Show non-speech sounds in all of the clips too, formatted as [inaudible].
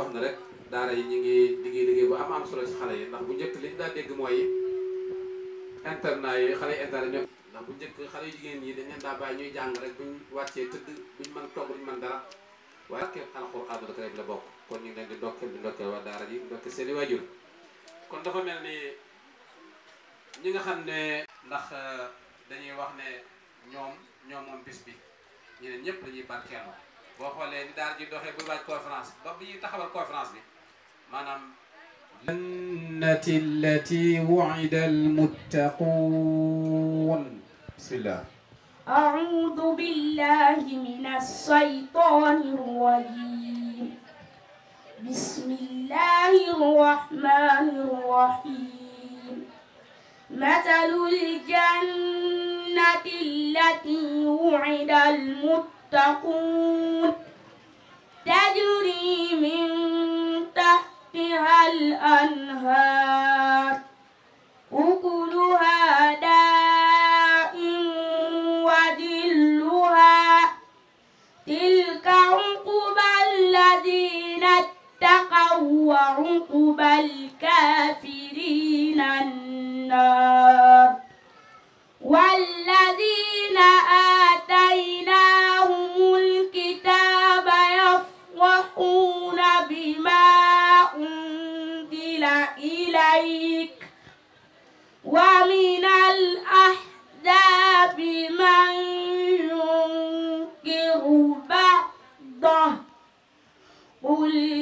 yoo xam ne rek daara yi ñu ngi liggéey liggéey bu am am solo ci xale yi ndax bu njëkk liñ daan dégg mooy internat yi xale internat ñoom ndax bu njëkk xale yu jigéen ñi dañ leen daa bàyyi ñuy jàng rek buñ wàccee tëdd buñ mën togg buñ mën dara waaye la bokk kon ñu ngi leen di di daara kon dafa mel ni ñi nga xam ne ndax dañuy wax ne ñoom ñoom moom bis bi ñeneen ñëpp dañuy barkeeloo الجنة التي وعد المتقون بسم الله أعوذ بالله من الشيطان الرجيم بسم الله الرحمن الرحيم مثل الجنة التي وعد المتقون تتقون تجري من تحتها الأنهار أكلها دائم وذلها تلك عقبى الذين اتقوا وعقبى الكافرين النار والذين آتيناهم ومن الأحزاب من ينكر بعضه قل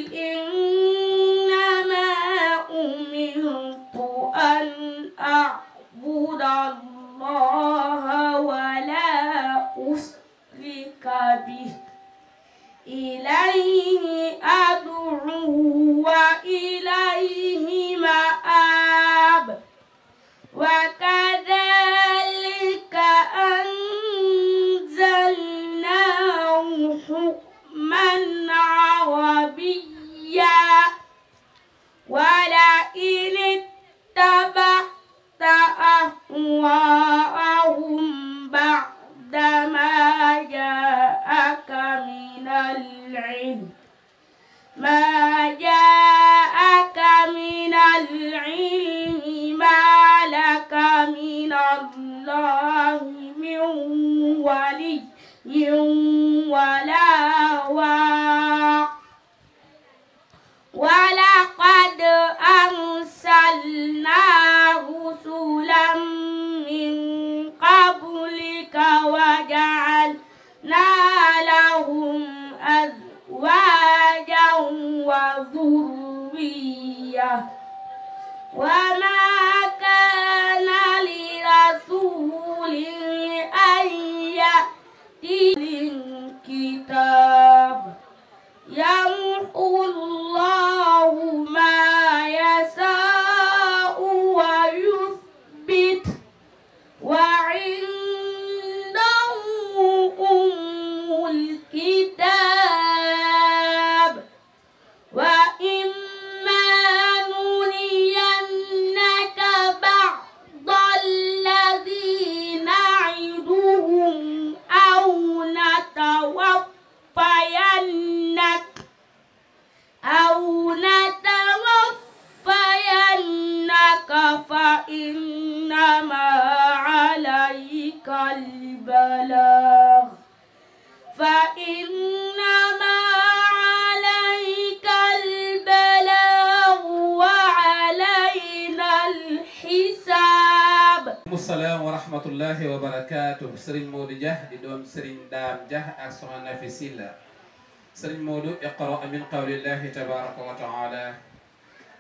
اقرأ من قول الله تبارك وتعالى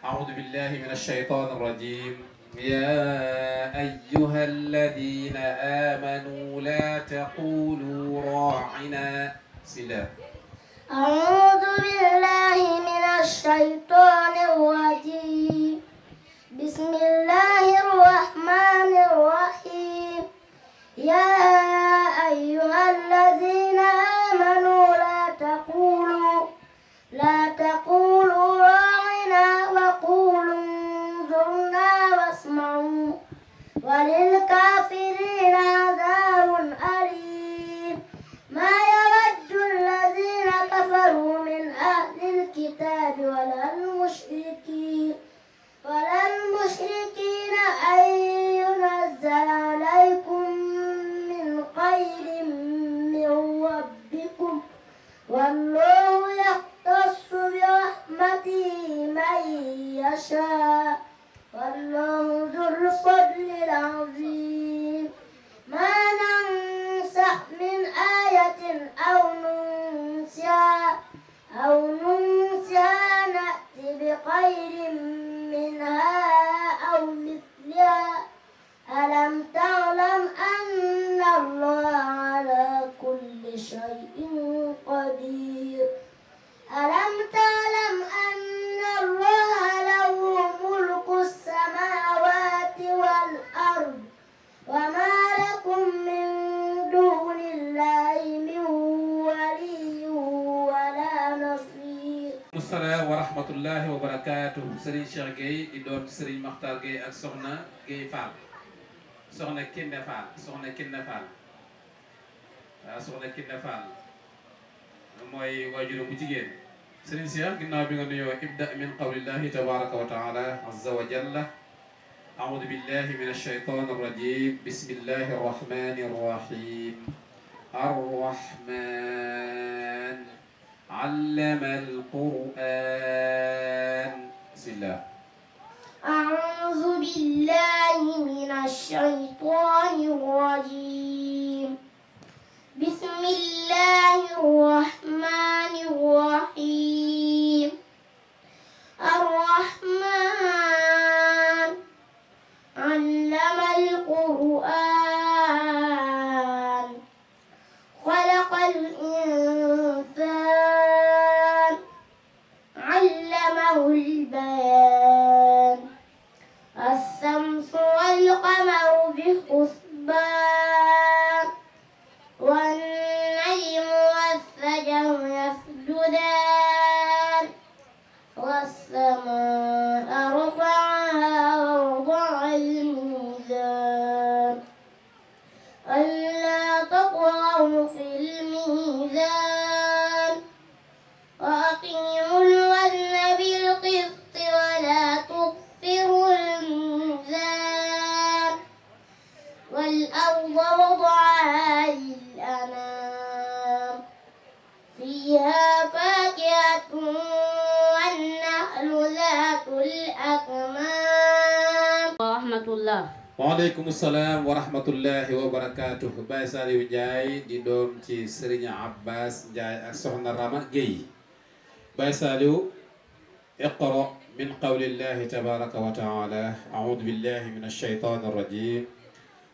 أعوذ بالله من الشيطان الرجيم يا أيها الذين آمنوا لا تقولوا راعنا سلا أعوذ بالله من الشيطان الرجيم بسم الله الرحمن الرحيم يا أيها الذين آمنوا يسمعوا وللكافرين عذاب أليم ما يود الذين كفروا من أهل الكتاب ولا المشركين ولا المشركين أن ينزل عليكم من خير من ربكم والله يختص برحمته من يشاء ألم تعلم أن الله له ملك السماوات والأرض وما لكم من دون الله من ولي ولا نصير السلام ورحمة الله وبركاته سرين شيخ جاي إدور مختار جاي ak soxna Gaye Fall soxna Kinde Fall soxna Kinde Fall waaw ah, soxna Kinde Fall bu jigéen sëriñ si ah ginnaaw bi nga nuyoo ibda min qawlillahi tabaraka wa taala أعوذ بالله من الشيطان الرجيم بسم الله الرحمن الرحيم الرحمن علم القرآن بسم الله أعوذ بالله من الشيطان الرجيم بسم الله الرحمن الرحيم الرحمن سحن الرامة جي بيسالو اقرأ من قول الله تبارك وتعالى أعوذ بالله من الشيطان الرجيم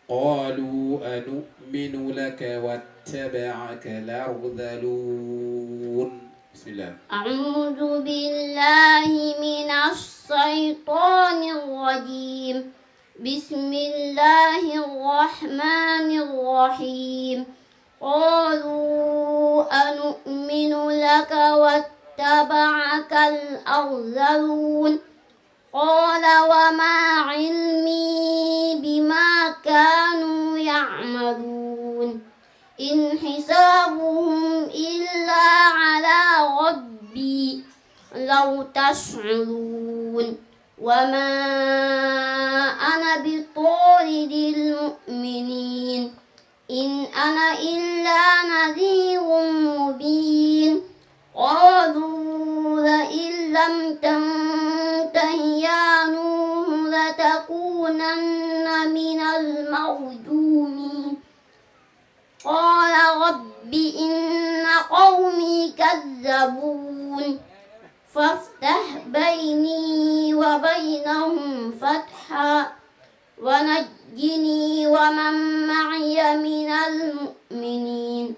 قالوا أنؤمن لك واتبعك الأرذلون بسم الله أعوذ بالله من الشيطان الرجيم بسم الله الرحمن الرحيم قالوا أنؤمن لك واتبعك الأرذلون قال وما علمي بما كانوا يعملون إن حسابهم إلا على ربي لو تشعرون وما أنا بطارد المؤمنين إن أنا إلا نذير مبين قالوا لئن لم تنته يا نوح لتكونن من المرجومين قال رب إن قومي كذبون فافتح بيني وبينهم فتحا ونجي نجني ومن معي من المؤمنين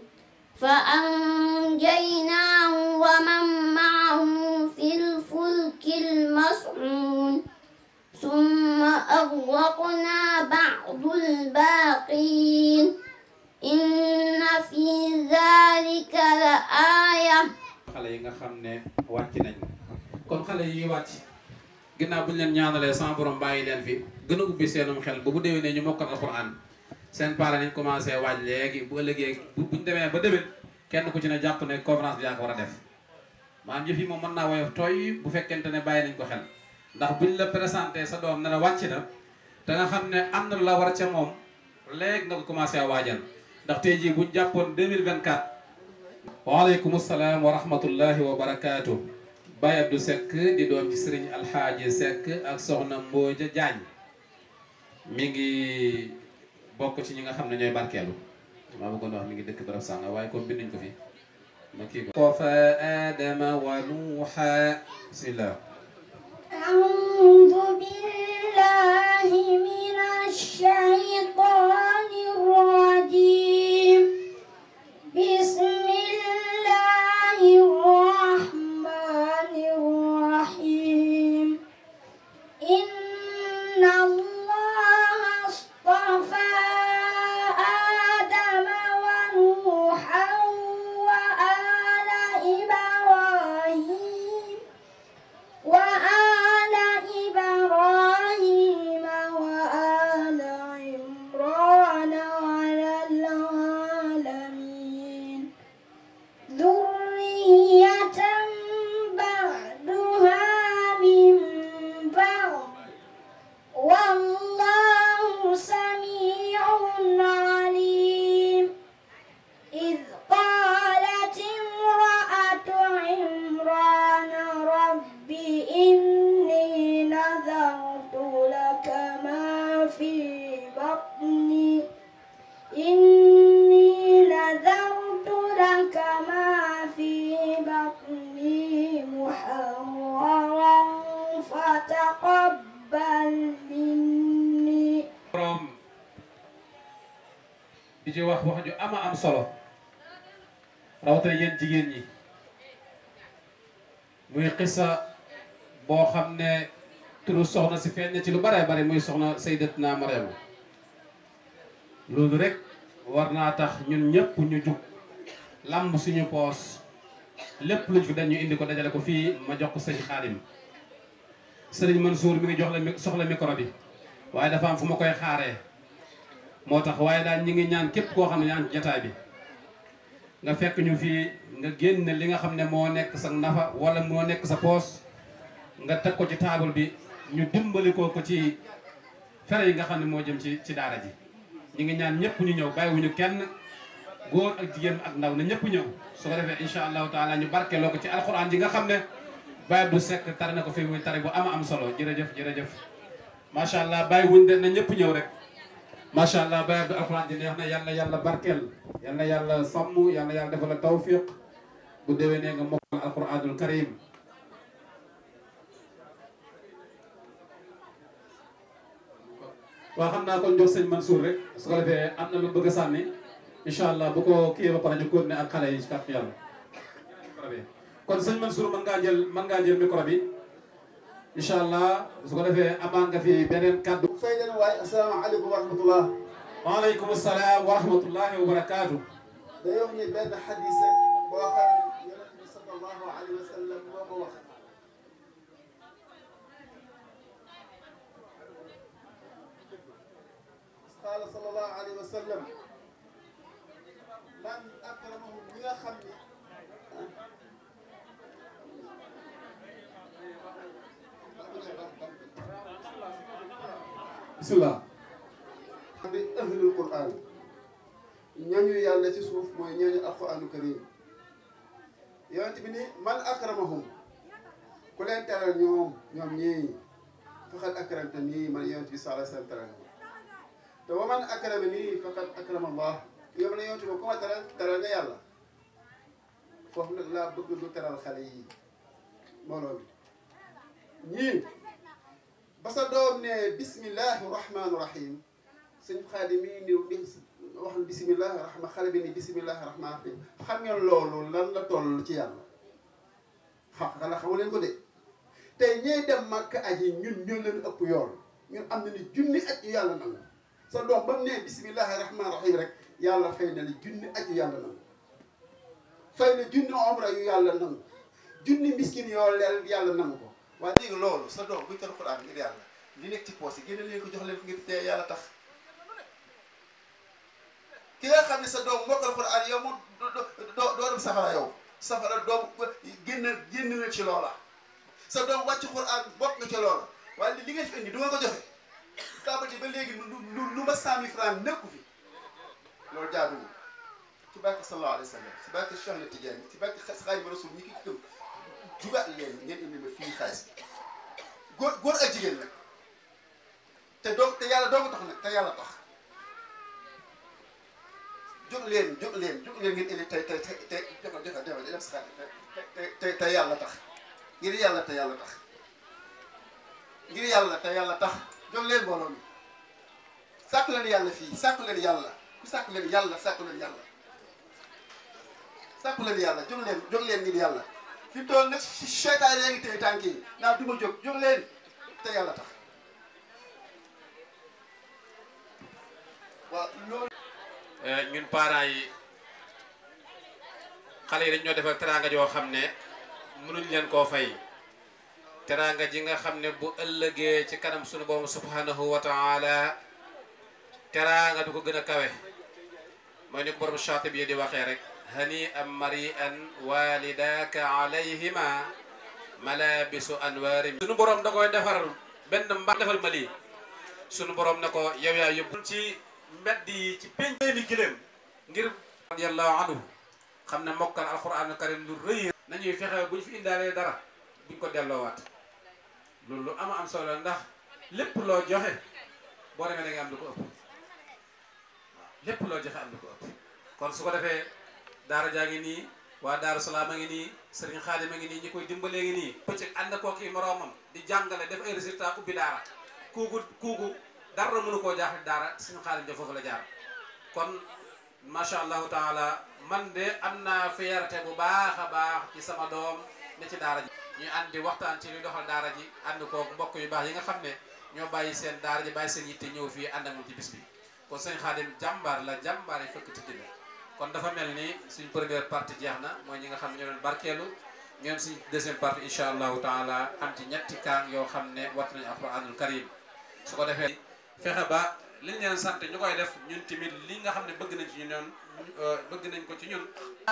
فأنجيناه ومن معه في الفلك المصعون ثم أغرقنا بعض الباقين إن في ذلك لآية xale yi يواتي xam ne wàcc nañ kon xale yi wàcc gën a ubbi seenum xel ba bu déwénee ñu mokkal alxuraan seen parents nañ commencé waaj léegi bu ëllëgee bu ñu demee ba déwén kenn ku ci ne jàpp ne conférence bi yaa ko war a def maanaam jëf yi moom mën naa woyof tooy bu fekkente ne bàyyi nañ ko xel ndax buñ la présenté sa doom ne la wàcc na te nga xam ne am na la war a ca moom léegi nga ko commencé waajal ndax tey jii buñ jàppoon 2024 waaleykum salaam wa rahmatullahi wa barakaatu Baye Abdou Seck di doom ci sëriñ Alxaaji Seck ak soxna Mbooja Jaañ mingi ngi ci ñinga xamne ñoy barkelu ma barkeelu maa wax mingi ngi dëkk barab sànga waaye comme binduñ ko fi ma ki ko fa adam wa nuuxa sila a'udhu billahi minash shaytanir rajim bis boo xam ne turu soxna si feeñ na ci lu bare bare muy soxna sayyidatna Mariama loolu rek war naa tax ñun ñëpp ñu jug lamb suñu poos lépp luñ fi dañu indi ko dajale ko fii ma jox ko sëñ Xaadim mën suur mi ngi jox la soxla micro bi waaye dafa am fu ma koy xaaree moo tax waaye daal ñi ngi ñaan képp koo xam ne ñaan jataay bi nga fekk ñu fii nga génn li nga xam ne moo nekk sa nafa wala moo nekk sa poos nga teg ko ci taabal bi ñu dimbali ko ko ci fere yi nga xam ne moo jëm ci ci daara ji ñu ngi ñaan ñëpp ñu ñëw bàyyiwuñu kenn góor ak jigéen ak ndaw na ñëpp ñëw su ko defee incha allahu taala ñu barkeeloo ko ci alquran ji nga xam ne Baye Abdou Seck tare na ko fi tare bu ama am solo jërëjëf jërëjëf macha allah bàyyiwuñ de na ñëpp ñëw rek macha allah Baye Abdou alquran ji neex na yàlla yàlla barkeel yàlla yàlla sàmm yàlla yàlla defal la tawfiq bu déwénee nga mokkal alquranul karim waaw xam naa kon jox sëñ Mansour rek su ko defee am na lu bëgg a sànni incha allah bu ko kii ba pare ñu continuer ak xale yi ci kàttan yàlla. kon sëñ Mansour mën ngaa jël mën ngaa jël micro bi incha allah su ko defee amaa nga fi beneen kàddu. fay leen waaye asalaamaaleykum wa rahmatullah. waaleykum salaam wa rahmatullahi wa barakaatu. day wax ni benn xadis boo xam. قال صلى الله عليه وسلم man akramahu ñi nga xam ni bismillah bi ahlul quran ñooñu yàlla ci suuf mooy ñooñu alquranu karim yonent bi ni man akramahum ku leen teral ñoom ñoom ñii faxal akramta nii man yonent bi sala seen teral te wa man akrama nii faqad akrama Allah yow na yow tamit ku ma teral teral nga yàlla foofu laa bëgg lu teral xale yi mbooloo wax bismillahi xale bi ni xam ngeen loolu lan la toll ci yàlla xam xanaa xamu leen ko de tey ñey dem màkk aji ñun ñoo leen ëpp yoon ñun am na ni junni at yu yàlla nangu sa doom ba mu nee bisimilahi rahmaani rahiim rek yàlla fay na la junni aju yàlla nangu fay na junni omra yu yàlla nangu junni miskin yoo leel yàlla nangu ko waaye léegi loolu sa doom buy tar xuraan ngir yàlla li nekk ci poos yi génne leen ko jox leen ngir tee yàlla tax ki nga xam ne sa doom mbokkal xuraan yow mu doo doo dem safara yow safara doom génn génn na ci loola sa doom wàcc xuraan bokk nga ci loola waaye li nga fi indi du nga ko joxe table ji ba léegi lu lu ma cent mille francs fi loolu jaaduwul ci barke sallallahu alayhi wa sallam ci barke Cheikh na Tidiane ci barke ñi ki gëm jugaat leen ngeen indi ma fii xaalis góor góor ak jigéen la te doog te yàlla doog tax nag te yàlla tax jóg leen jóg leen leen ngeen indi tey te te te ngir yàlla te yàlla tax ngir yàlla te yàlla tax jóg leen mbooloo mi sàkku yàlla fii sàkku leen yàlla ku sàkku leen yàlla sàkku leen yàlla sàkku leen yàlla jóg leen jóg leen yàlla fi mu toll nag si seytaan yaa ngi téye tànk yi naa duma jóg jóg te yàlla tax loolu eh, ñun parents yi xale yi dañ ñoo defal teraanga joo xam ne mënuñ leen koo fay teraanga ji nga xam ne bu ëllëgee ci kanam sunu borom subhanahu wa taala teraanga du ko gën a kawe mooy ni borom Shaatibi yi di waxee rek hani am mari an walidaaka alayhima malabisu anwaari sunu borom na ko yow yaa yóbbu ci mbedd yi ci pénc mi giléem ngir radiyallahu anhu xam ne mokkal alquran karim lu rëy nañuy fexe bu ñu fi indaalee dara buñ ko delloowaat Lulu ama am solo ndax lepp lo joxe bo demé da nga am duko upp lepp lo joxe am duko upp kon suko defé dara jaangi ni wa dara waa Daaru ngi ni Serigne Khadim ngi ni ñi koy dimbalee ngi pecc ak and ko ki moromam di jangalé def ay résultat ubi dara kugu kugu dara mënu ko jaxé dara Serigne Khadim def fofu la jaar kon masya allahu taala man de amna naa fierté bu baakha baax ci sama doom ne ci dara ñu ànd di waxtaan ci luy doxal daara ji ànd koo mbokk yu baax yi nga xam ne ñoo bàyyi seen daara ji bàyyi seen yitte ñëw fii ànd moom ci bis bi kon sëñ Xaadim jàmbaar la jàmbaar yi fëkk tëdd la kon dafa mel ni suñ première partie jeex na mooy ñi nga xam ne ñoo doon barkeelu ñoom suñ deuxième partie incha allahu taala am ci ñetti kaang yoo xam ne wat nañu alquranul karim su ko defee fexe ba li leen sant ñu koy def ñun tamit li nga xam ne bëgg nañ ci ñun euh, bëgg nañ ko ci ñun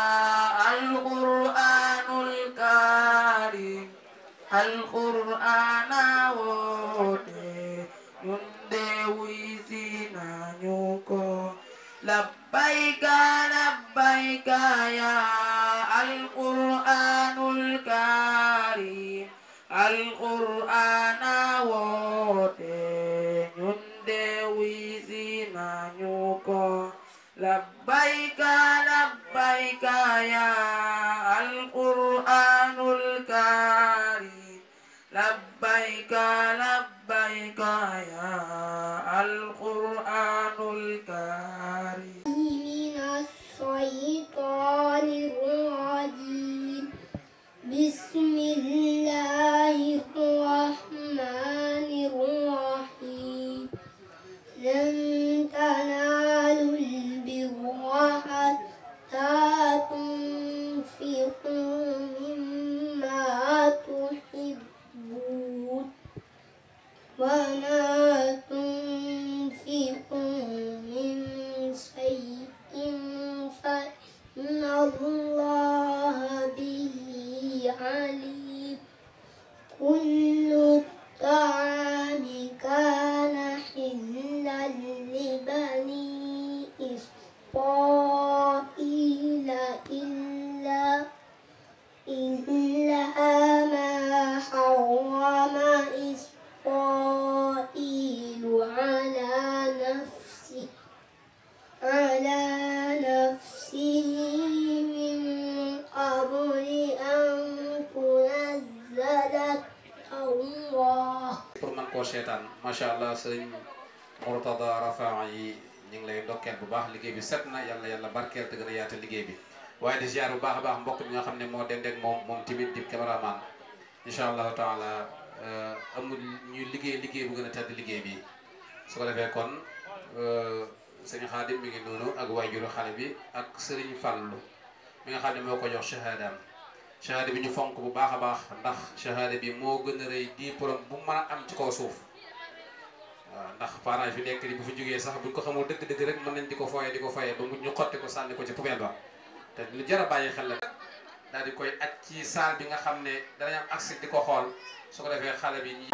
alquranul karim alqurana لبيك لبيك يا القرآن الكريم لبيك لبيك يا القرآن الكريم من الشيطان الرجيم بسم الله وما تنفقوا من شيء فإن الله به عليم كل الطعام كان حلا لبني إسرائيل macha allah sëñ Murtada Rafaa yi ñu ngi lay ndokkeel bu baax liggéey bi set na yàlla yàlla barkeel te gën a yaata liggéey bi waaye di ziar bu baax a baax mbokk bi nga xam ne moo dendeeg moom moom timit di cameraman incha allah taala euh, amul ñu liggéey liggéey bu gën a tedd liggéey bi su ko defee kon euh, sëñ Xaadim mi ngi noonu ak waajuru xale bi ak sëriñ Fàllu mi nga xam moo ko jox shahaadaam shahaada bi ñu fonk bu baax a baax ndax shahaada bi moo gën a rëy diplôme am ci suuf parents yu nekk ni bu fi jógee sax buñ ko xamoo dëgg-dëgg rek mën nañ di ko foyee di ko foyee ba mu ñu xotti ko sànni ko ci poubelle ba te lu jar a bàyyi xel la daal di koy aj ci saal bi nga xam ne danañ am accès di ko xool su ko defee xale bi ñi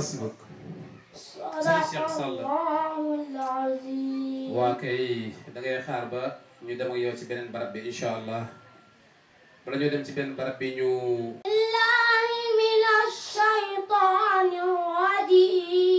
حسبك Cheikh Sall waa kay da ngay xaar ba ñu dem ak yow ci beneen barab bi incha allah bala ñoo dem ci beneen barab bi ñu. billahi minash shaytaani rajiim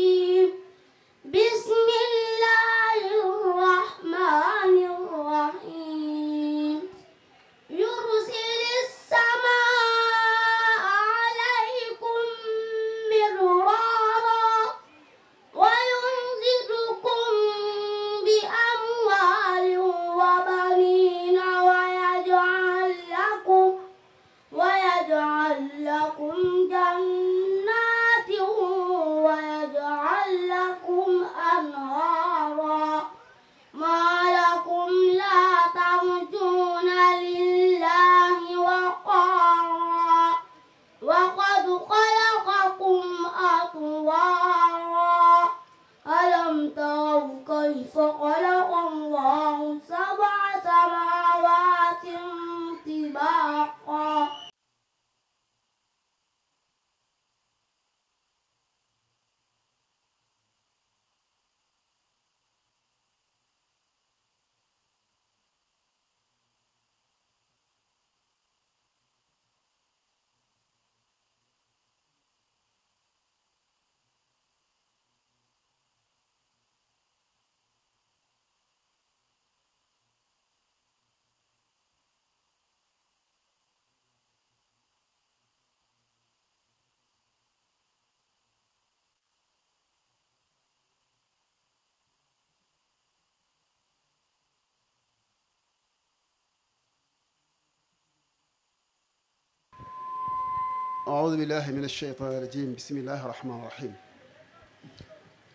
أعوذ بالله من الشيطان الرجيم بسم الله الرحمن الرحيم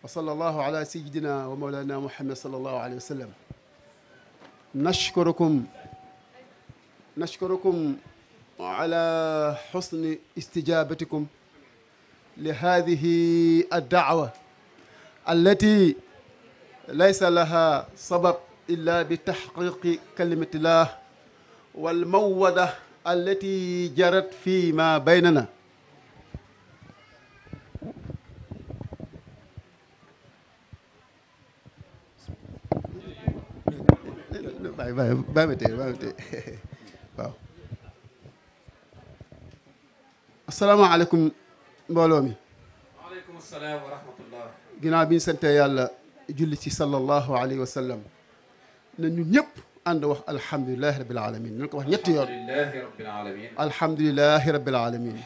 وصلى الله على سيدنا ومولانا محمد صلى الله عليه وسلم نشكركم نشكركم على حسن استجابتكم لهذه الدعوة التي ليس لها سبب إلا بتحقيق كلمة الله والمودة التي جرت فيما بيننا باي باي باي باي waaw asalaamaaleykum mbooloo mi. waaleykum salaam wa rahmatullah. ginnaaw bi ñu sante yàlla julli ci sallallahu alayhi wa sallam na ñun ñëpp. أنا وح الحمد لله رب العالمين نلقى وح الحمد لله رب العالمين الحمد لله رب العالمين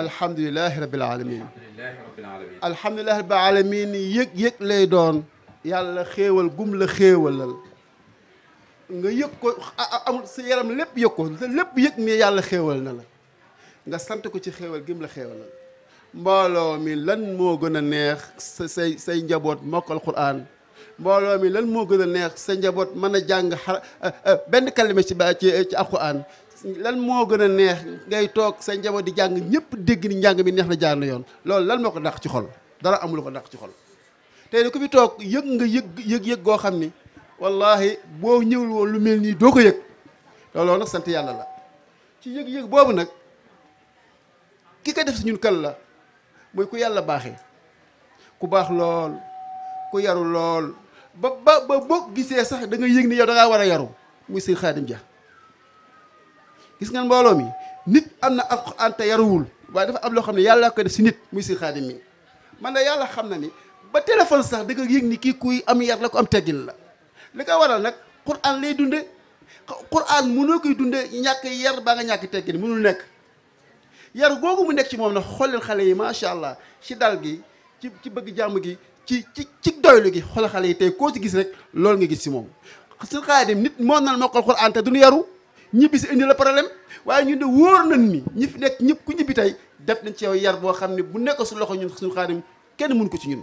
الحمد لله رب العالمين الحمد لله رب العالمين يك يك لي دون يا الخيول قم الخيول لل nga yëg ko amul sa yaram lépp yëg ko lépp yëg mi yàlla xéewal na la nga sant ko ci xéewal gim la xéewal mbooloo mi lan moo gën a neex say say njaboot mokkal quran mbooloo mi lan moo gën a neex sa njaboot mën a jàng xar euh, euh, benn kalima ci ci ci alxuraan lan moo gën a neex ngay toog sa njaboot di jàng ñëpp dégg ni njàng mi neex na jaar na yoon loolu lan moo ko dàq ci xol dara amul ko dàq ci xol te ne ku fi toog yëg nga yëg yëg-yëg goo xam ni wallahi boo ñëwul woon lu mel nii doo ko yëg looloo nag sant yàlla la ci yëg-yëg boobu nag ki ko def si ñun kan la mooy ku yàlla baaxee ku baax lool ku yaru lool ba ba ba boo gisee sax da nga yëg ni yow da war a yaru muy sëñ Xaadim ja gis ngeen mbooloo mi nit am na alxuraan te yaruwul waaye dafa am loo xam ne yàlla ko def si nit muy sëñ Xaadim mi man na yàlla xam na ni ba téléphone sax da nga yëg ni kii kuy am yar la ko am teggin la li ko waral nag Qur'an lay dunde Qur'an mënoo koy dunde ñàkk yar baa nga ñàkk teggin mënul nekk yar googu mu nekk ci moom nag xool leen xale yi macha allah ci dal gi ci ci bëgg jàmm gi ci ci ci doylu gi xool xale yi tey koo ci gis rek loolu nga gis si moom sëñ Xaadim nit moo nal mokkal Alxuraan te duñu yaru ñibbi si indi la problème waaye ñun de wóor nañ mi ñi fi nekk ñëpp ku ñibbi tey def nañ ci yow yar boo xam ne bu nekk su loxo ñun suñu Xaadim kenn mun ko ci ñun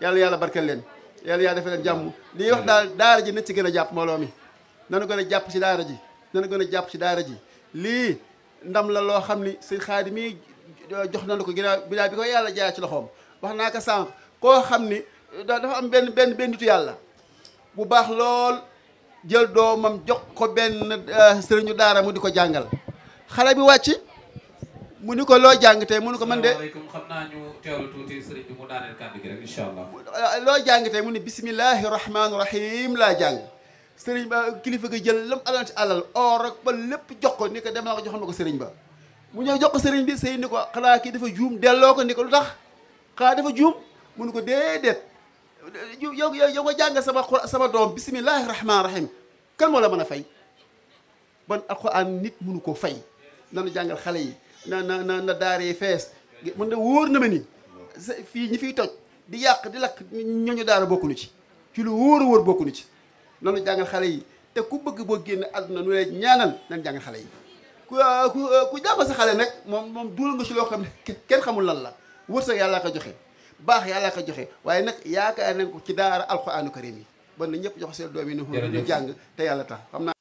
yàlla yàlla barkal leen yàlla yàlla defal leen jàmm li wax daal daara ji nañ ci gën a jàpp mi nanu gën a jàpp ci daara ji nanu gën a jàpp ci daara ji lii ndam la loo xam ni sëñ Xaadim mii na nañu ko ginnaaw bi daal bi ko yàlla jaay ci loxoom wax naa ko sànq ko xamni dafa am ben ben benn nitu yàlla bu bax lol jël domam jox ko ben euh, serigne daara mu di jangal xala bi wacc mu niko lo jang jàng mu niko man de lo jang ñu mu allah euh, ni bismillahir rahmanir rahim la jang serigne ba kilifa gi jël lam alal ci alal or ak ba lepp jox ko ni ko dem la ko joxoon ko serigne ba mu ñëw jox ko serigne bi sey ni ko xanaa dafa joom delo ko ni ko lu dafa joom mënu ko déedéet yow yow ko jàng sama sama doom bisimillahi rahman rahim kan la mën a fay ban alxuraan nit munu ko fay nanu jàngal xale yi na na na na daaree fees mun de wóor na ma ni fii ñi fiy toj di yàq di lakk ñooñu daara bokkunu ci ci lu wóor a wóor ci nanu jàngal xale yi te ku bëgg boo génn àdduna nu lay xale yi xale nag moom moom dugal nga ci loo xam ne kenn xamul lan la wërsëg yàlla ko joxe baax yàlla ko joxe waaye nag yaakaar nañ ko ci daara alquranu karim yi ba na ñëpp jox seen doom yi ñu jàng te yàlla tax xam naa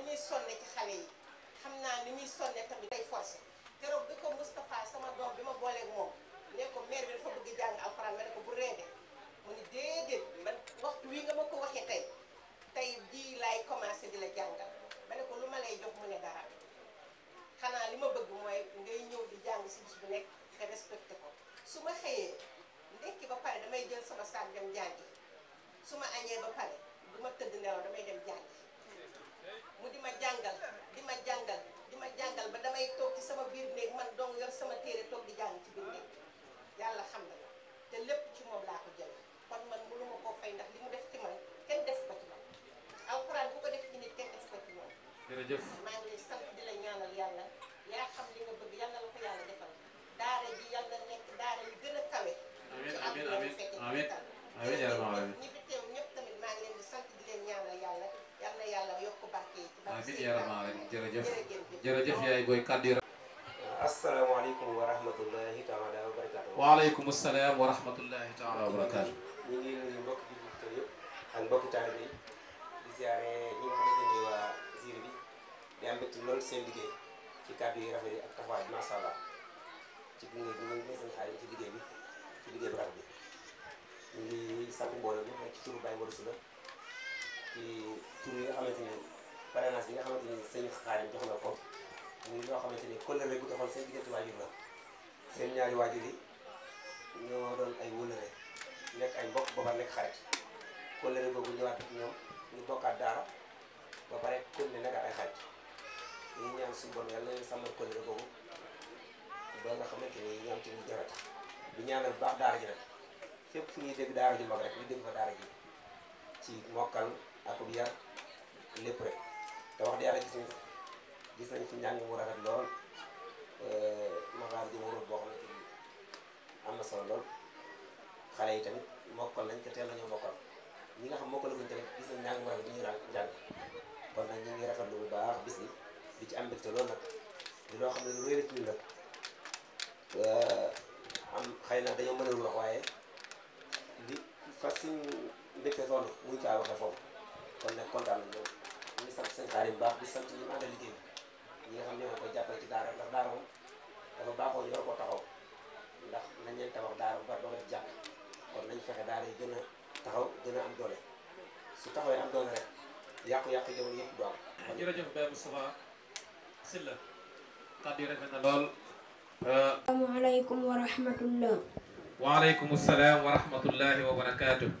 ni muy sonne ci xale yi xam naa ni ñuy sonne tamit tey forcé keroog bi ko Moustapha sama doom bi ma booleeg moom ne ko maire bi dafa bëgg jàng am ma ne ko bu reede mu ni déedéet man waxtu wi nga ma ko waxee tey tey jii laay commencé di la jàngal ma ne ko lu ma lay jox mu ne dara xanaa li ma bëgg mooy ngay ñëw di jàng si bis nekk te respecté ko su ma xëyee ndekki ba pare damay jël sama saak dem jàngi su ma añee ba pare du ma tëdd nelaw damay dem jàngi mu di ma jàngal di ma jàngal di ma jàngal ba damay toog ci sama biir néeg man dong yor sama téere toog di jàng ci biir néeg yàlla xam na te lépp ci moom laa ko jël kon man mënu ma koo fay ndax li mu def ci man kenn def ko ci man alxuraan bu ko def ci moom. maa ngi lay sant di la ñaanal yàlla yaa xam li nga bëgg yàlla la ko yàlla defal daara ji yàlla nekk daara yu gën a kawe. amiin amiin amiin ci am lu fekk ci également rek jërëjëf jërëjëf yaay booy kàddu yi asalaamaaleykum wa rahmatullahi wa barakaatu waaleykum salaam wa rahmatullahi taala wa barakaatu ñu ngi nuyu mbokk bi ñu tëj yëpp ak mbokk di ziare ñi seen liggéey ci kàddu yi rafet yi ak taxawaay bi macha allah ci gunge bi ngi seen xaar ci liggéey bi ci liggéey bu rafet bi ñu ngi sant mbooloo bi ci turu Baye Modou Sylla ci yi nga xamante ni parrainage bi nga xamante ni sëñ Xaadim jox na ko muy loo xamante ni kóllëre gu doxoon seen diggante waajur la seen ñaari waajur yi ñoo doon ay wëllëre nekk ay mbokk ba pare nekk xarit kóllëre boobu ñëwaat ak ñoom ñu bokkaat daara ba pare kóllëre nekkaat ay xarit ñu ñaan suñu borom yàlla ni ñoom ci ñu bu baax daara ji nag fépp fu ñuy dégg daara ji mag rek ñu dégg fa daara ji ci mokkal ak yar lépp rek te wax dëgg yàlla gis nañu gis nañu ci njàng mu rafet lool maxaar ji wóorul boo xam ne am na solo lool xale yi tamit mokkal nañ te teel nañoo mokkal ñi nga xam mokkalaguñ tamit gis nañ njàng mu rafet bi ñuy jàng bu baax bis bi di ci am mbégte lool nag di loo xam ne lu réer ci la euh, am xëy na dañoo mën a wax waaye li fas suñu mbégte toll muy kaa waxee foofu kon nag kontaan nañ ñoom. ñu ngi sant seen xarit baax bi sant ñi mu ànd liggéey ñi nga xam ne ñoo ko jàppale ci daara ndax daara moom dafa baaxoo ñoo ko taxaw ndax nañ leen tabax daara bu baax jàpp kon nañ fexe daara gën a taxaw gën a am doole su taxawee am doole rek yàqu-yàqu jamono yëpp du am. jërëjëf Mbaye Moustapha Sylla kàddu yi rafet na lool. Euh, asalaamaaleykum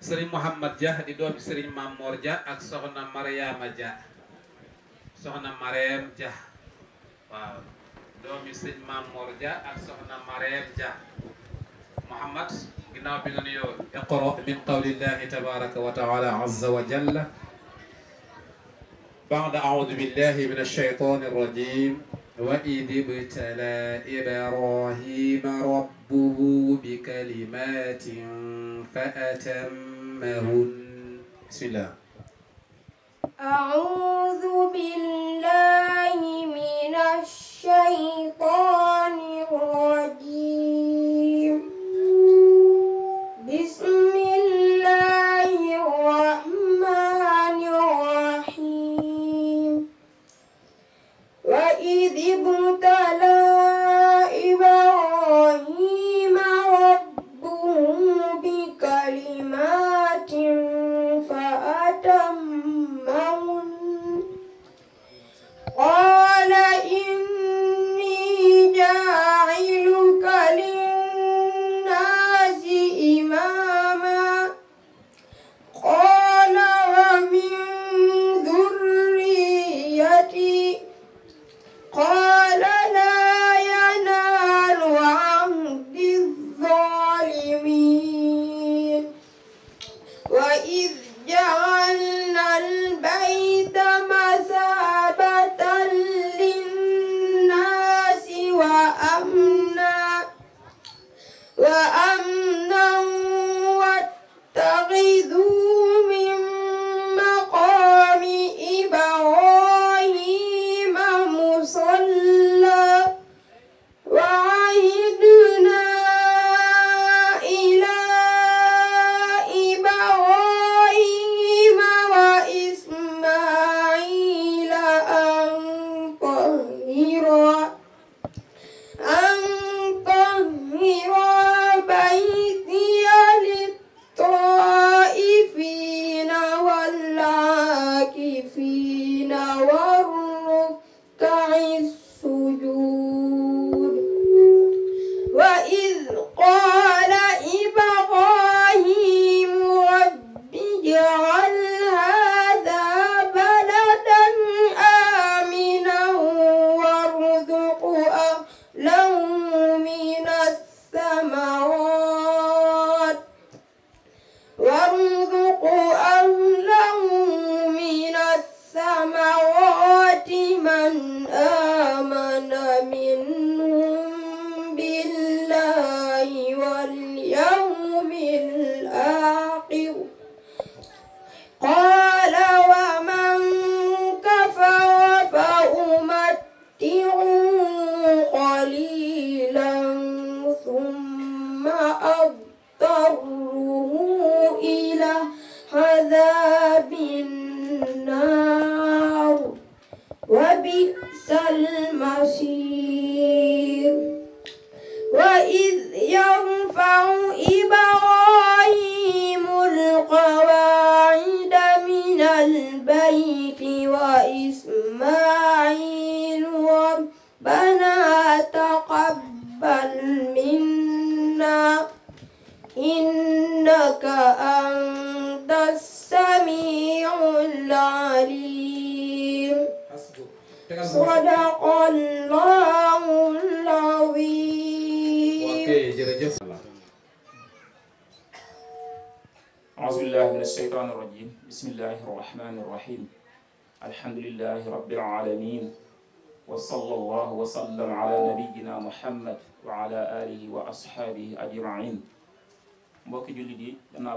sëriñ Mouhamad Dia di doomi sëriñ Mamoor Dia ak soxna Mariama Dia soxna Mariam Dia waaw doomi sëriñ Mamoor Dia ak soxna Mariam Dia Mouhamad ginnaaw bi nga nuyoo iqra min qawlillahi tabaraka wa taala azza wa jalla baada audu billahi min alshaytani arrajim وإذ ابتلى إبراهيم ربه بكلمات فأتمهن بسم الله أعوذ بالله من الشيطان الرجيم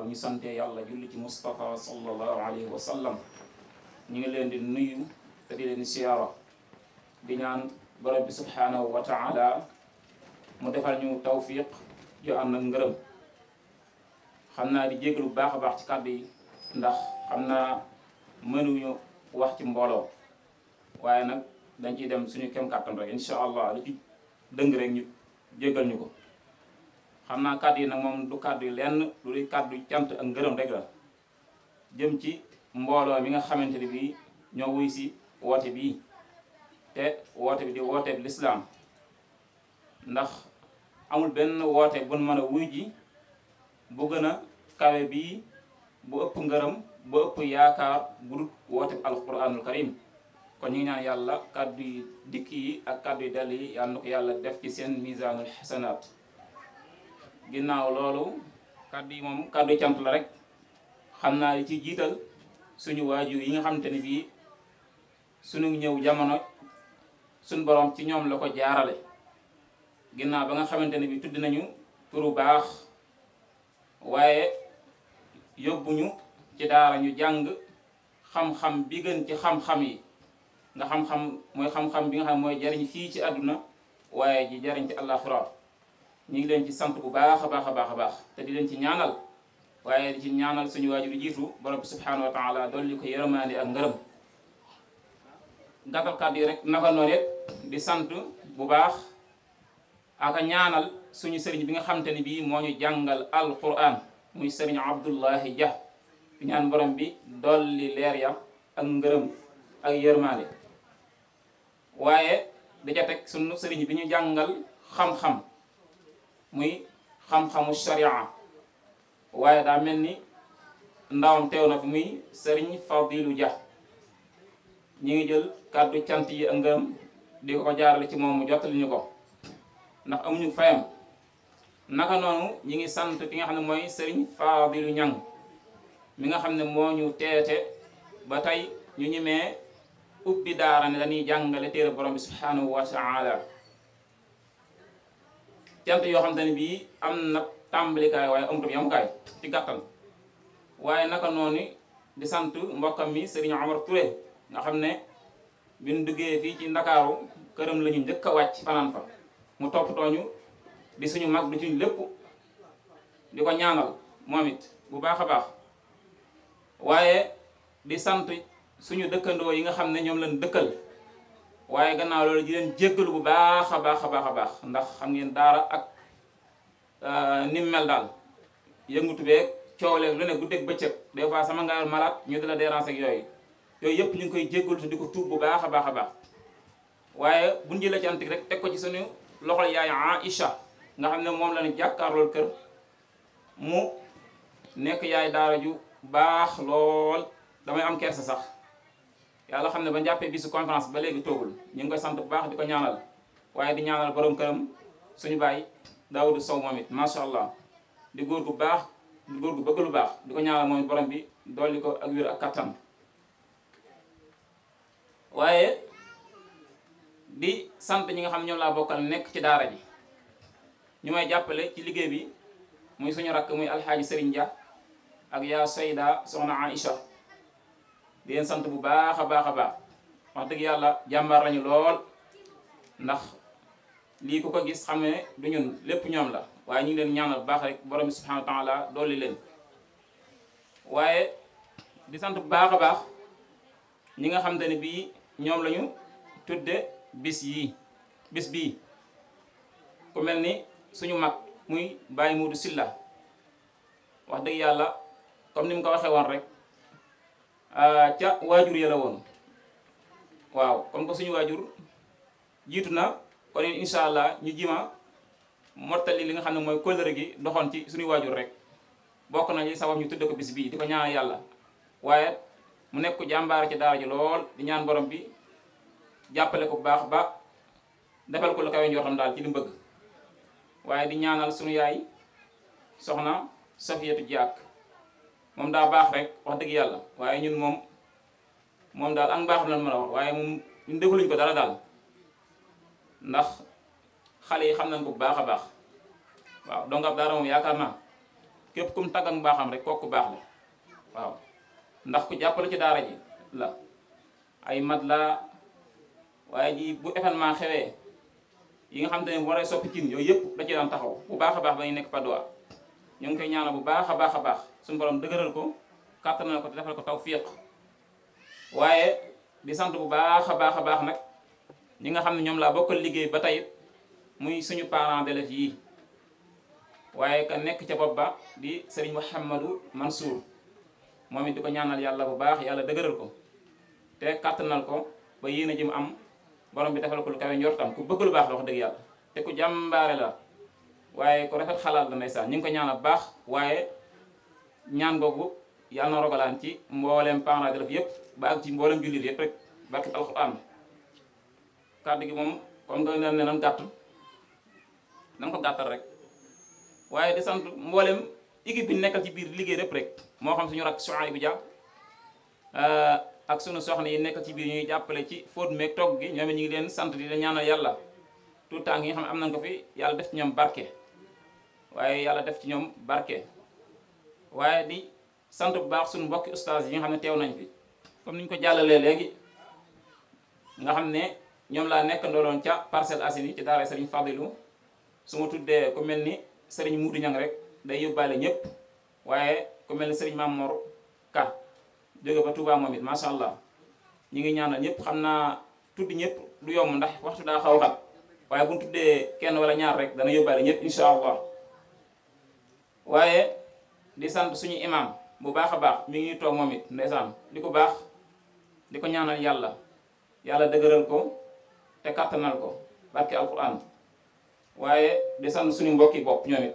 ñu santee yàlla julli ci Moustapha sallallahu alayhi wa sallam ñu ngi leen di nuyu te di leen siyaara di ñaan borom bi subhanahu wa taala mu defal ñu tawfiq yu am ak ngërëm xam naa di jéggalu bu baax a baax ci kàddu yi ndax xam naa mënuñu wax ci mbooloo waaye nag dañ ciy dem suñu kem kàttan rek incha allah lu ci dëng ñu jéggal ñu ko xam naa kàddu yi nag moom du kàddu yi lenn lu di kàddu cant ak ngërëm rek la jëm ci mbooloo mi nga xamante ne bii ñoo wuy si woote bi te woote bi di woote bi lislaam ndax amul benn woote buñ mën a wuy ji bu gën a kawe bi bu ëpp ngërëm bu ëpp yaakaar bu dul woote bi alquranul karim kon ñu ngi naan yàlla kàddu yi dikk yi ak kàddu yi dal yi yàlla na ko yàlla def ci seen misaanul xasanaat ginnaaw loolu kàddu yi moom kàddu cant la rek xam naa ci jiital suñu waaju yi nga xamante ni bii suñu ñëw jamono suñu borom ci ñoom la ko jaarale ginnaaw ba nga xamante ne bii tuddi nañu turu baax waaye yóbbuñu ci daara ñu jàng xam-xam bi gën ci xam yi nga xam-xam mooy xam-xam bi nga xam mooy jariñ fii ci àdduna waaye ji jariñ ci àllaaxira ñu ngi leen ci sant bu baax a baax a baax a baax te di leen ci ñaanal waaye di ci ñaanal suñu waajur jiitu borom bi subhanahu wa taala dolli ko yërmaande ak ngërëm gàttal kàddu yi rek naka noonu it di sant bu baax ak a ñaanal suñu sëriñ bi nga xamante ni bii moo ñu jàngal alquran muy sëriñ Abdullahi Dia di ñaan borom bi dolli leer yam ak ngërëm ak yërmaande waaye da ca teg suñu sëriñ bi ñu jàngal xam-xam muy xam-xamu sharia waaye daa mel ni ndawam teew na fi muy sëriñ biiru Dia ñu ngi jël kàddu cant yi ak di ko jaarale ci moom mu jottali ñu ko ndax amuñu fayam naka noonu ñi ngi sant ki nga xam ne mooy sëriñ Fadilu Ñang mi nga xam ne moo ñu teete ba tey ñu ñimee ubbi daara ne dañuy jàngale téere borom bi subhanahu wa taala cant yoo xam ne bii am na tàmbalikaay waaye amutam yamukaay ci gàttal waaye naka noonu di sant mbokkam mi Serigne Omar Touré nga xam ne bi ñu duggee fii ci Ndakaaru këram lañu njëkk a wàcc fanaan fa mu toppatoo ñu di suñu mag di suñu lépp di ko ñaanal moom it bu baax a baax waaye di sant suñu dëkkandoo yi nga xam ne ñoom lañ dëkkal waaye gannaaw loolu di leen jéggalu bu baax a baax a baax a baax ndax xam ngeen daara ak euh, ni mu mel daal yëngutu beeg coow leeg lu ne guddeeg bëccëg des fois sama nga malade ñu di la déranger yooyu yooyu yëpp ñu ngi koy jéggalu te di ko tuub bu baax a baax a baax waaye bu ñu jëlee ci antik rek teg ko ci suñu loxol yaay Aïcha nga xam ne moom la ñu jàkkaarlool kër mu nekk yaay daara ju baax lool damay am kersa sax yalla xamne ba jàppee bisu conférence ba légui togul ñu ngi sant bu baax di ñaanal waaye di ñaanal borom kërëm suñu baay daoud Sow momit ma sha allah di goor gu baax di goor gu bëgg lu baax di ñaanal moy borom bi dolli ak wir ak katan waaye di sant ñi nga xamne ñoo la laa bokkal nek ci daara ji ñu may jappalé ci liggéey bi muy suñu rak muy alxaaji Serigne Dia ak ya sayyida sohna aisha di leen sant bu baax a baax a baax wax dëgg yàlla jàmbaar lañu lool ndax lii ku ko gis xam ne du ñun lépp ñoom la waaye ñu leen ñaanal bu baax rek borom bi subhanahu wa taala dolli leen waaye di sant bu baax a baax ñi nga xam ne bii ñoom lañu tudde bis yi bis bii ku mel ni suñu mag muy Baye Modou la wax dëgg yàlla comme ni mu ko waxee woon rek Ah, ca waajur ya la woon waaw kon ko suñu waajur jiitu na kon incha allah ñu jima mottali li nga xam ne mooy kóllëre gi doxoon ci suñu waajur rek bokk na li sabab ñu tudde ko bis bii di ko ñaan yàlla waaye mu nekk jàmbaar ci daara ji lool di ñaan borom bi jàppale ko bu baax ba defal ko lu kawe njortam daal ci li mu waaye di ñaanal suñu yaay soxna Safiyatu Jaak moom daa baax rek wax dëgg yàlla waaye ñun moom moom daal ak baaxam lan mën a wax waaye moom ñun dégluñu ko dara daal ndax xale yi xam nañ ko bu baax a baax waaw donc ab daara yaakaar naa képp kum tàgg ak baaxam rek kooku baax la waaw ndax ku jàppale ci daara ji la ay mat la waaye ji bu événement xewee yi nga xam te ne bu war a soppi cin yooyu yëpp da ci daan taxaw bu baax a baax ba ñu nekk Patte ñoo ngi koy ñaanal bu baax a baax a baax suñu borom dëgëral ko kàttanal ko te defal ko taw tawfiq waaye di sant bu baax a baax a baax nag ñi nga xam ne ñoom laa bokkal liggéey ba tey muy suñu parents d'élèves yii waaye ka nekk ca bopp ba di sëriñ man Mansour moom it di ko ñaanal yàlla bu baax yàlla dëgëral ko te kàttanal ko ba yéen a jëm am borom bi defal ko lu kawe njortam ku bëgg lu baax la wax dëgg yàlla te ku jàmbaare la. waaye ku rafet xalaat la ndeysaan ñu ngi ko a baax waaye ñaan googu yàlla na rogalaan ci mboolem parents d'élèves yëpp ba ak ci mboolem jullit yëpp rek barkeb alxuraan kàddu gi moom comme ne nan gàtt nan ko gàttal rek waaye di mboolem équipe bi nekkal ci biir liggéey rek rek moo xam suñu rak soxna bu jàpp ak sunu soxna yi nekkal ci biir ñuy jàppale ci fóot meeg togg gi ñoom ñu ngi leen sant di leen ñaanal yàlla tout temps yi nga xam ne am nañ ko fi yàlla def ci ñoom barke waaye yàlla def ci ñoom barke waaye di sant bu baax suñu mbokki ustaas yi nga xam ne teew nañ fi comme niñ ko jàllalee léegi nga xam ne ñoom laa nekk ndooloon ca Parcelles Assainies ci daara Serigne Fadilou su ma tuddee ku mel ni Serigne Moudou Niang rek day yóbbaale ñëpp waaye ku mel ni Serigne Mamor Ka jóge ba Touba moom it macha allah ñu ngi ñaan ñaanal ñëpp xam naa tudd ñëpp du yomb ndax waxtu daa xaw xat waaye bu ñu tuddee kenn wala ñaar rek dana yóbbaale ñëpp waaye di sant suñu imam bu baax a baax mi ngi toog moom it di ko baax di ko ñaanal yàlla yàlla dëgëral ko te kattanal ko barke alquran waaye di sant suñu mbokki bopp ñoom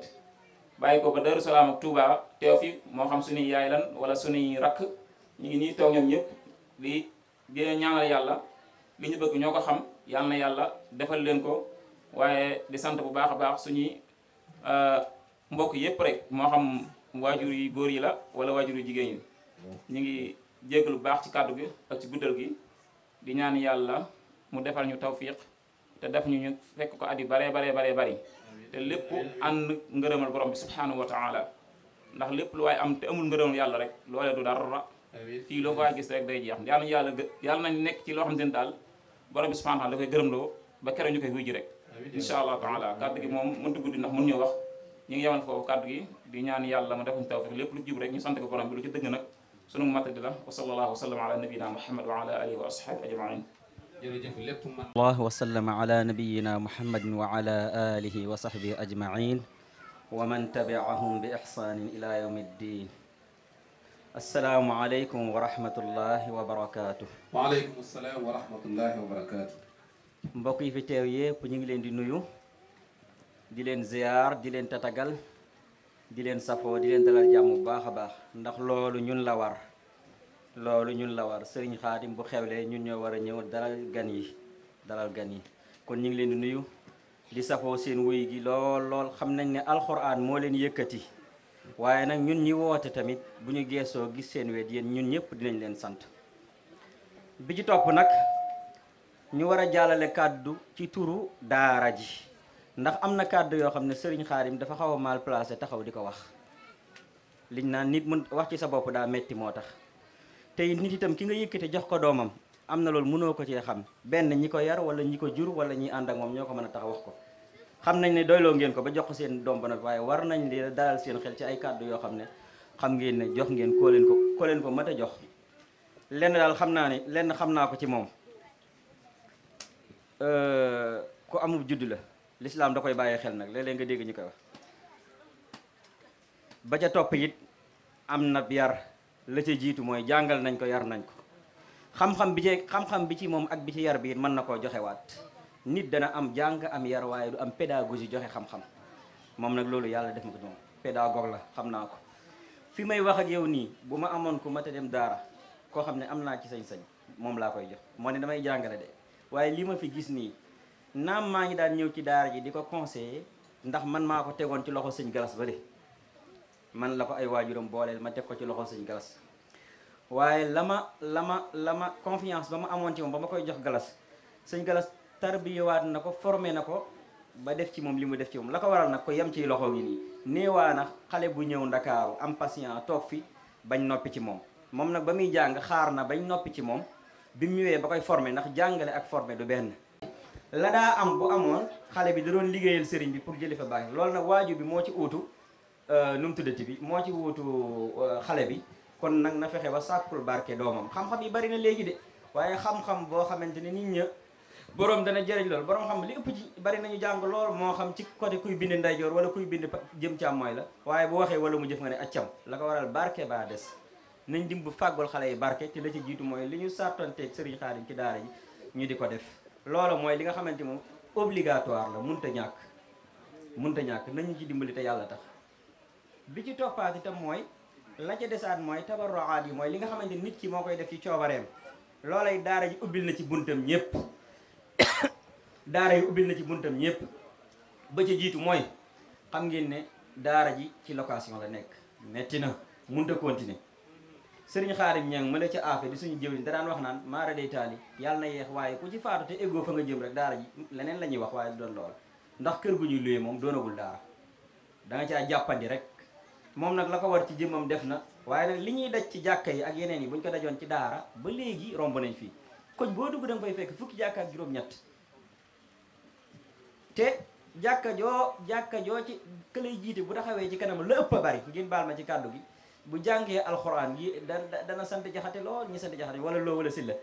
bàyyi ko ba Daaru Salaam ak Touba teew fi moo xam suñu yaay lan wala suñu rakk ñu ngi nii toog ñoom ñëpp di ñaanal yàlla li ñu bëgg ñoo ko xam yàlla na yàlla defal leen ko waaye di sant bu baax a baax suñuy euh, mbokk yépp rek moo xam waajur yi góor yi la wala waajur yu jigéen ñi ñu ngi lu baax ci kàddu gi ak ci guddal gi di ñaan yàlla mu defal ñu tawfiq te def ñu ñu fekk ko at yu bare baree baree bari te lépp ànd ngërëmal borom bi subhanahu wa taala ndax lépp lu waaye am te amul ngërëmal yàlla rek loolee du dara fii loo ko waay gis rek day jeex yal nañu yàlla yàlla nañ nekk ci loo xam ne daal borom bi subhanahu wa taala da koy gërëm loo ba keroog ñu koy wujji rek insha allah taala kàddu gi moom mënta guddi ndax mën wax ñi ngi yemal foofu kàddu gi di ñaan yàlla mu def ñu tawfik lépp lu jub rek ñu sant ko borom bi lu ci dëgg nag sunu matadi la wa sallallahu wa sallam ala nabiyina muhammad wa ala alihi wa ashabi ajmain jërëjëf lépp man allah wa sallam ala nabiyina muhammadin wa ala alihi wa sahbihi ajmain wa man tabiahum bi ihsanin ila yawmi ddin السلام عليكم ورحمة الله وبركاته وعليكم السلام ورحمة الله وبركاته بقي في تاويه بنيغلين دي نيو di leen ziar di leen tatagal di leen safoo di leen dalal jàmm bu baax a baax ndax loolu ñun la war loolu ñun la war Serigne Khadim bu xewlee ñun ñoo war a ñëw dalal gan yi dalal gan yi kon ñu ngi leen di nuyu di safoo seen wuy gi lool lool xam nañ ne alxuraan moo leen yëkkati waaye nag ñun ñi woote tamit bu ñu geesoo gis seen wet yéen ñun ñëpp dinañ leen sant bi ci topp nag ñu war a jàllale kàddu ci turu daara ji ndax am na kàddu yoo xam ne sëriñ xaarim dafa xaw a mal placé taxaw di ko wax liñ naan nit mun wax ci sa bopp daa metti moo tax tey nit itam ki nga yëkkate jox ko doomam am na loolu mënoo ko cee xam benn ñi ko yar wala ñi ko jur wala ñi ànd ak moom ñoo ko mën a tax wax ko xam nañ ne doyloo ngeen ko ba jox ko seen doom ba nag waaye war nañ di dalal seen xel ci ay kàddu yoo xam ne xam ngeen ne jox ngeen koo leen ko koo leen ko mat a jox lenn daal xam naa ne lenn xam naa ko ci moom euh, ku amul judd la Lislam da koy baye xel nak lele nga deg ñu wax ba ca top it am na yar la ci jitu moy jangal nañ ko yar nañ ko xam-xam bi ci xam-xam bi ci mom ak bi ci yar bi man nako joxe wat nit dana am jangga am yar way du am pédagogie joxe xam-xam mom nag lolu yalla def mako Peda gogla pédagogue la xam ko fi may wax ak yow ni buma amone ko mata dem dara ko xamne ne am ci señ señ mom la koy jox mo ne damay jangale de waye lima fi gis ni nam ma ngi daan ñew ci daara ji di ko conseiller ndax man mako ko ci loxo seigne galas ba de man la ko ay waajuram bolel ma teg ko ci loxo seigne galas waye lama lama lama ma confiance bama amone ci mom bama ma koy jox galas seigne galas tarbiyewaat na ko formé na ko ba def ci mom limu def ci mom la ko waral nak ko yam ci loxo wi ni néewaa bu ñew dakar am patient tok fi bañ nopi ci mom mom nak ba jang xaar na bañ nopi ci mom bi ñewé ñëwee formé nak ak formé du benn la daa am bu amoon xale bi da doon liggéeyal sëriñ bi pour jëli fa bàyyi loolu nag waajur bi moo ci uutu euh, nu mu tuddati bi moo ci uutu euh, xale bi kon nag na fexe ba sàkkul barke doomam xam-xam yi bari na léegi de waaye xam-xam boo xamante ne nit ña boroom dana jariñ lool boroom xam li ëpp ci bari nañu jàng lool moo xam ci côté kuy bind ndeyjoor wala kuy bind jëm mooy la waaye bu waxee wala mu jëf nga ne accam la ko waral barke baa des nañ dimb fàggul xale yi barke te la ci jiitu mooy li ñu sartonteeg sëriñ xaadim ci daara ji ñu di ko def loola mooy li nga xamante moom obligatoire la mënut ñàkk mënut a ñàkk nañu ci dimbali te yàlla tax bi ci toppaat itam mooy la ca desaat mooy tabarruaat yi mooy li nga xamante nit ki moo koy def ci coobareem loolay daara ji ubbil na ci buntam ñëpp [coughs] daara yi ubbil na ci buntam ñëpp ba ci jiitu mooy xam ngeen ne daara ji ci location la nekk metti na mënut a sëriñ xaarim ñang ma la ci aafe di suñu jëwriñ da daan wax naan maara day taali yàlla na yeex waaye ku ci faatu te eggoo fa nga jëm rek daara ji leneen la ñuy wax waaye du doon lool ndax kër gu ñuy luye moom doonagul daara da nga caa jàppandi rek moom nag la ko war ci jëmmam def na waaye li ñuy daj ci jàkka yi ak yeneen yi buñ ko dajoon ci daara ba léegi romb nañ fii koñ boo dugg da nga fay fekk fukki jàkk ak juróom-ñett te jàkka joo jàkka joo ci këlay jiite bu taxawee ci kanam la ëpp a bari ngeen baal ci kàddu gi bu jàngee alxuraan yi dana sant jaxate lool ñi sant jaxate wala loo wala silla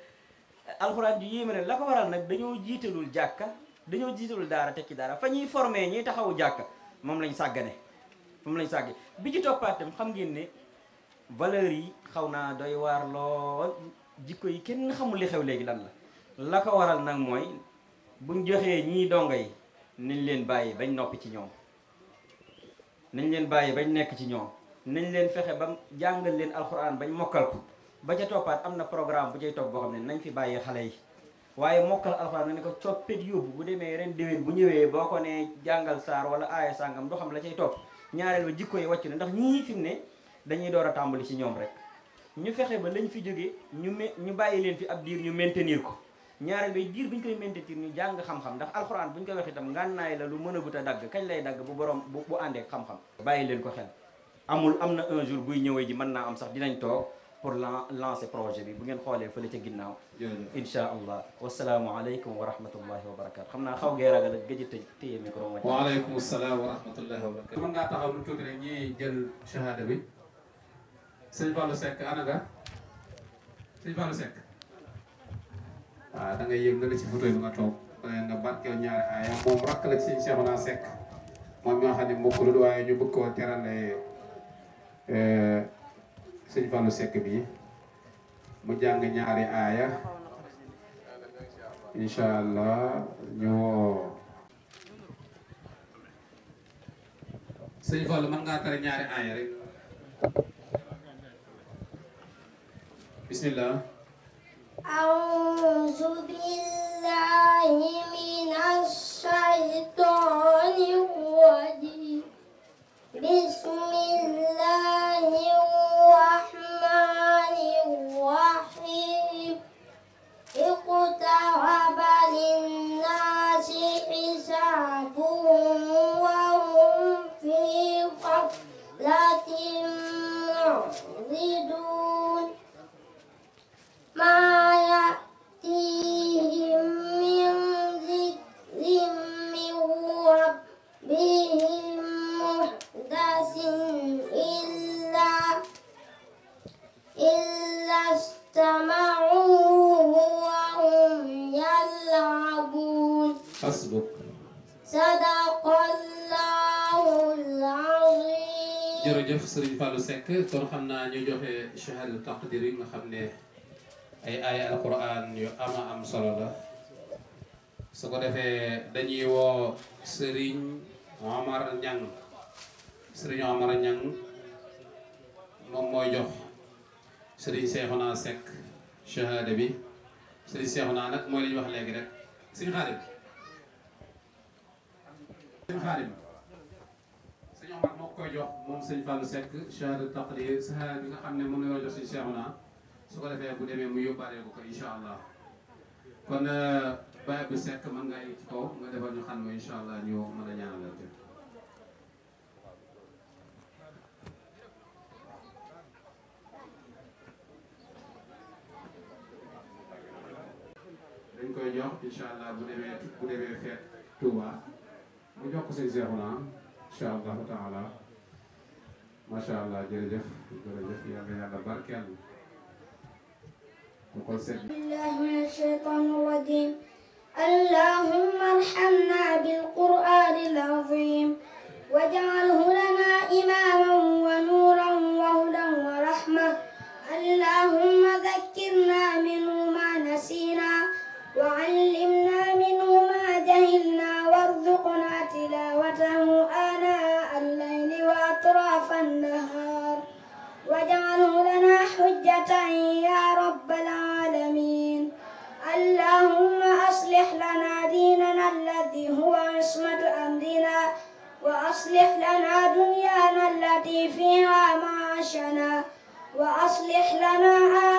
alxuraan ji yéeme ne la ko waral nag dañoo jiitalul jàkka dañoo jiitalul daara teg ci daara fa ñuy formé ñuy taxawu jàkka moom lañ sàggane moom lañ sàggee bi ci toppaatam xam ngeen ni valeurs yi xaw naa doy waar lool jikko yi kenn xamul li xew léegi lan la la ko waral nag mooy buñ joxee ñii dongo yi nañ leen bàyyi bañ noppi ci ñoom nañ leen bàyyi bañ nekk ci ñoom nañ leen fexe ba jàngal leen alxuraan bañ mokkal ko ba ca toppaat am na programme bu cay topp boo xam ne nañ fi bàyyi xale yi waaye mokkal alxuraan nga ne ko coppit yóbbu bu demee ren déwén bu ñëwee boo ko ne jàngal saar wala aaya sàngam doo xam la cay topp ñaareel ba jikko yi wacc na ndax ñii fi ne dañuy door a tàmbali ci ñoom rek ñu fexe ba lañ fi jóge ñu me ñu bàyyi leen fi ab diir ñu maintenir ko ñaareel bay diir bu ñu koy maintenir ñu jàng xam ndax alxuraan bu ñu koy wax itam ngànnaay la lu mën a a dagg kañ lay dagg bu borom bu àndee xam bàyyi leen ko xel amul am na un jour buy ñëwee ji mën naa am sax dinañ toog pour lancer projet bi bu ngeen xoolee fële ca ginnaaw insha allah wasalaamualeykum wa rahmatullahi wa barakatu xam naa xaw gee ragal gëj a téye micro ma waaleykum salaam wa rahmatullahi wa barakatu mën ngaa taxaw lu tuuti rek ñi jël shahada bi sëñ Fallou Seck ana nga sëñ Fallou Seck waaw da ngay yëg nga la ci photo bi nga toog ne nga barkeel ñaari aaya moom rakk la ci sëñ Cheikhouna Seck moom ñoo xam ne mbokk lu waaye ñu bëgg koo terale Eh, sëñ Fallou Seck bi mu jang ñaari aya inshallah ñu woo sëñ man nga ngaa ñaari aya rek bismillah أعوذ بالله من الشيطان الرجيم بسم الله الرحمن الرحيم اقترب للناس حسابهم وهم في غفلة معرضون حسبك صدق الله العظيم jërëjëf Serigne Fallou Seck kon xam naa ñu joxe shahada taqdir yi nga xam ne ay aaya alquran yu ama am solo la su ko defee dañuy woo Serigne Omar Niang Serigne Omar Niang moom mooy jox Serigne Cheikhouna Seck shahada bi Serigne Cheikhouna nag mooy li wax léegi rek Serigne Khadim sëñ Xaadim sëñ Omar moo koy jox moom sëñ Fallou Seck shahada taqrir shahada bi nga xam ne moom la war jox sëñ Cheikhouna su ko defee bu demee mu yóbbaale ko ko incha allah kon euh, Baye Abdou a ñaanal te dañ koy jox incha bu demee feet Touba yokk seen seexuna incha allahu taala macha allah jërëjëf jërëjëf yàlla yàlla barkeel mu ko seet billahi min ashaytan rajim اللهم ارحمنا بالقرآن العظيم واجعله لنا إماما ونورا وهدى ورحمة اللهم ذكرنا منه ما نسينا وعلمنا هو عصمة أمرنا وأصلح لنا دنيانا التي فيها معاشنا وأصلح لنا آخرنا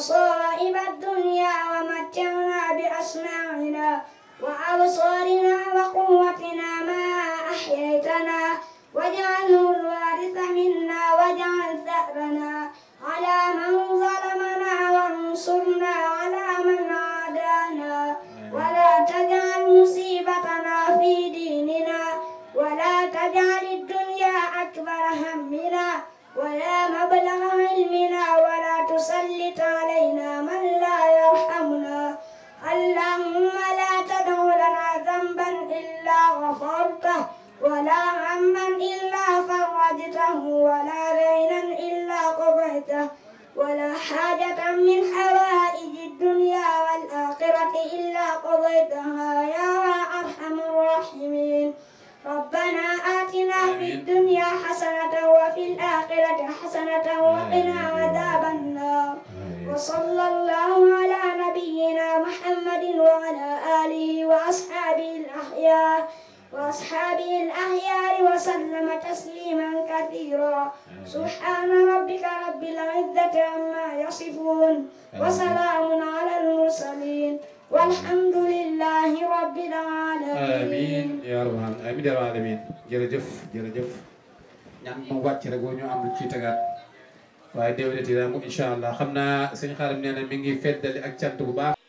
مصائب الدنيا ومتعنا بأسماعنا وأبصارنا وقوتنا ما أحييتنا واجعله الوارث منا واجعل ثأرنا على من ظلمنا وانصرنا على من عادانا ولا تجعل مصيبتنا في ديننا ولا تجعل الدنيا أكبر همنا ولا مبلغ علمنا تسلط علينا من لا يرحمنا اللهم لا تدع لنا ذنبا إلا غفرته ولا هما إلا فرجته ولا دينا إلا قضيته ولا حاجة من حوائج الدنيا والآخرة إلا قضيتها يا أرحم الراحمين ربنا آتنا في الدنيا حسنة وفي الآخرة حسنة وقنا عذاب النار وصلى الله على نبينا محمد وعلى آله وأصحابه الأحياء وأصحابه الأخيار وسلم تسليما كثيرا سبحان ربك رب العزة عما يصفون وسلام على المرسلين والحمد لله رب العالمين آمين يا رب العالمين آمين يا رب العالمين jërëjëf jërëjëf ñaan moom wàcc rek woo ñu am lu ciy waaye déwénati daa moom incha allah xam naa sëñ xaarim nee na mi ngi feddali ak cant bu baax